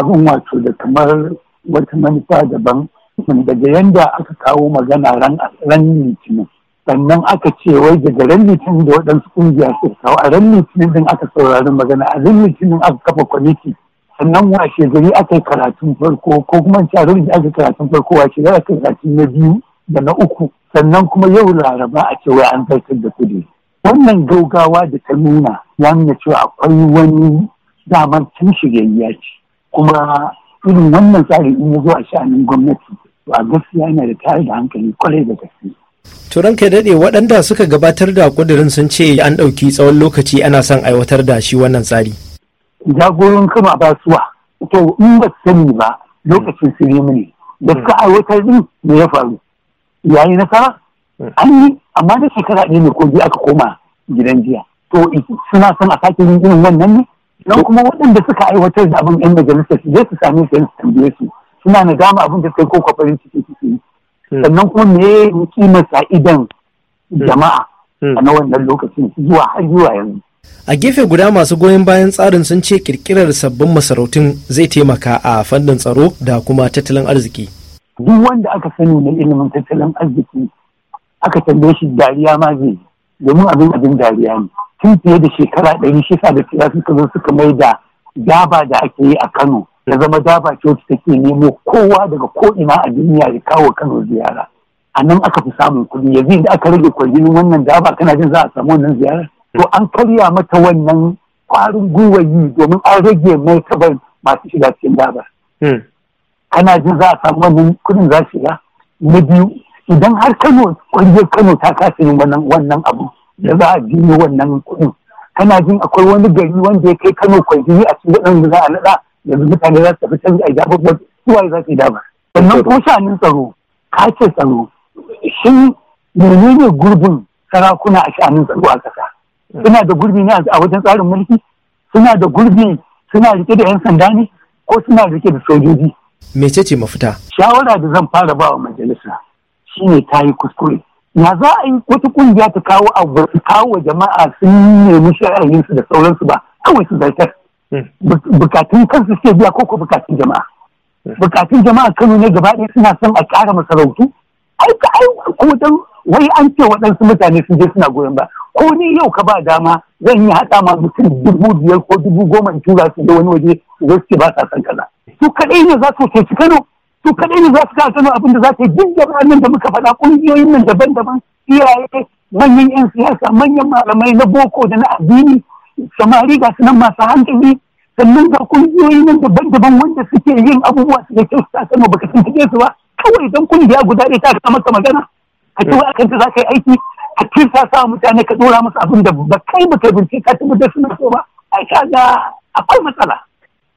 abin wato da kamar wata manufa daban daga yanda aka kawo magana ran litinin sannan aka ce wai daga ran litinin da waɗansu ƙungiya su kawo a ran litinin din aka saurari magana a ran litinin aka kafa kwamiti sannan washe gari aka yi karatun farko ko kuma a ran aka karatun farko washe gari aka karatun na biyu da na uku sannan kuma yau laraba a ce wai an zartar da kudi wannan gaugawa da ta nuna ya nuna cewa akwai wani damar cin shigayya ce kuma irin wannan tsarin in ya zo a sha'anin gwamnati to a gaskiya yana da tare da hankali kwarai da gaske turan ka daɗe waɗanda suka gabatar da ƙudurin sun ce an ɗauki tsawon lokaci ana son aiwatar da shi wannan tsari jagoran kama basuwa to in ba su sani ba lokacin su ne mini da suka aiwatar din me ya faru yayi nasara an yi amma da shekara ɗaya ne ko biyu aka koma gidan jiya to suna son a sake yin irin wannan ne nan kuma waɗanda suka aiwatar da abin yan majalisa su je su same su yanzu tambaye su suna dama abin da kai ko kwafarin ciki ciki hmm. sannan kuma me yi sa idan hmm. jama'a hmm. a na wannan lokacin zuwa har zuwa yanzu a gefe guda masu goyon bayan tsarin sun ce kirkirar sabbin masarautun zai taimaka a fannin tsaro da kuma tattalin arziki duk wanda aka sani na ilimin tattalin arziki aka tambaye shi dariya ma zai domin abin abin dariya ne tun fiye da shekara ɗari sa da cewa suka zo suka mai da daba da ake yi a kano ya zama daba ce wacce take nemo kowa daga ko ina a duniya ya kawo kano ziyara a nan aka fi samun kuɗi yanzu da aka rage kwarjinin wannan daba kana jin za a samu wannan ziyara to an karya mata wannan kwarin gwiwa yi domin an rage mai tabar masu shiga cikin daba hmm. kana jin za a samu wannan kuɗin za shiga na biyu idan har kano kwariyar kano ta kasa yin wannan abu da za a jini wannan kuɗin kana jin akwai wani gari wanda ya kai kano kwariyar a cikin waɗanda za a naɗa yanzu mutane za su tafi canza a jabar wasu za su yi dabar sannan kuma sha'anin tsaro Ka ce tsaro shi ne gurbin sarakuna a sha'anin tsaro a ƙasa suna da gurbi ne a wajen tsarin mulki suna da gurbi suna rike da 'yan sanda ne ko suna rike da sojoji mecece mafita shawara da zan fara ba wa majalisa shine ta yi kuskure na za a yi wata kungiya ta kawo abu kawo wa jama'a sun nemi sha'ayinsu da sauransu ba kawai su zartar hmm. bukatun kansu suke biya ko ko bukatun jama'a hmm. bukatun jama'a kano ne gaba ɗaya suna son a ƙara masarautu ai ka ai kuma dan wai an ce waɗansu mutane sun je suna goyon ba ko ni yau ka ba dama zan yi haɗa ma mutum dubu biyar ko dubu goma in tura su da wani waje wasu ke ba sa son kaza su kaɗai ne za su su kano su kaɗai ne za su kawo sanar abin da za su yi duk jama'an nan da muka faɗa ƙungiyoyin nan daban-daban iyaye manyan 'yan siyasa manyan malamai na boko da na addini samari ga su nan masu hankali sannan ga ƙungiyoyi nan daban-daban wanda suke yin abubuwa su da kyau su sanar baka sun su ba kawai don kungiya guda ɗaya ta kama masa magana a ce wai akan ta za ka yi aiki a kirsa sa mutane ka ɗora musu abin da ba kai ba kai bincike ka tabbatar suna so ba ai kaga akwai matsala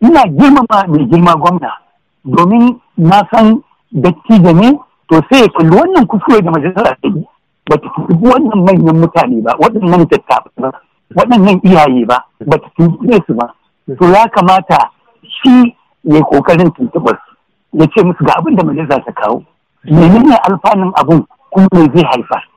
ina girmama mai girma gwamna domin na san datti da ne to sai ya kalli wannan kuskure da majalisar ta yi ba ta wannan manyan mutane ba waɗannan tattafa ba waɗannan iyaye ba ba ta su ba to ya kamata shi ya kokarin tuntubar ya ce musu ga abin da majalisa ta kawo menene alfanun abun kuma me zai haifar